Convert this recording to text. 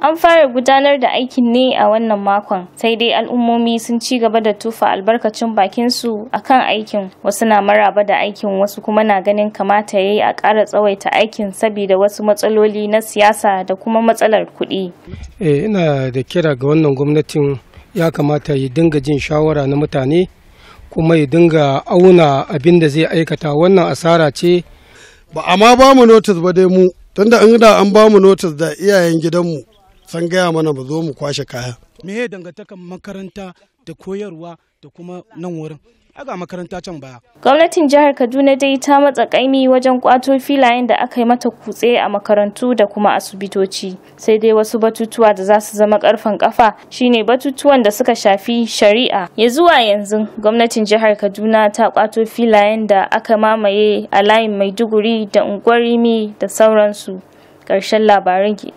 An fara gudanar da aikin ne a wannan makon, sai dai al'ummomi sun ci gaba da tufa albarkacin bakinsu a kan aikin, wasu na maraba da aikin wasu kuma na ganin kamata ya yi a ƙara tsawaita aikin sabida wasu matsaloli na siyasa da kuma matsalar kuɗi. E, ina da kira ga wannan gwamnatin ya kamata ya dinga jin shawara na mutane kuma ya dinga auna abin da zai aikata wannan asara ce. Ba ma ba mu notice ba dai mu, tunda in da an ba mu da iyayen gidanmu. san gaya mana ba zo mu kwashe kaya me ya dangantakan makaranta da koyarwa da kuma nan wurin aga makaranta can baya. Gwamnatin jihar Kaduna dai ta matsa kaimi wajen kwato filayen da aka yi mata kutse a makarantu da kuma asibitoci. Sai dai wasu batutuwa da za su zama karfan kafa shine batutuwan da suka shafi shari'a. Ya zuwa yanzu gwamnatin jihar Kaduna ta kwato filayen da aka mamaye a layin Maiduguri da unguwar da sauransu. Ƙarshen labarin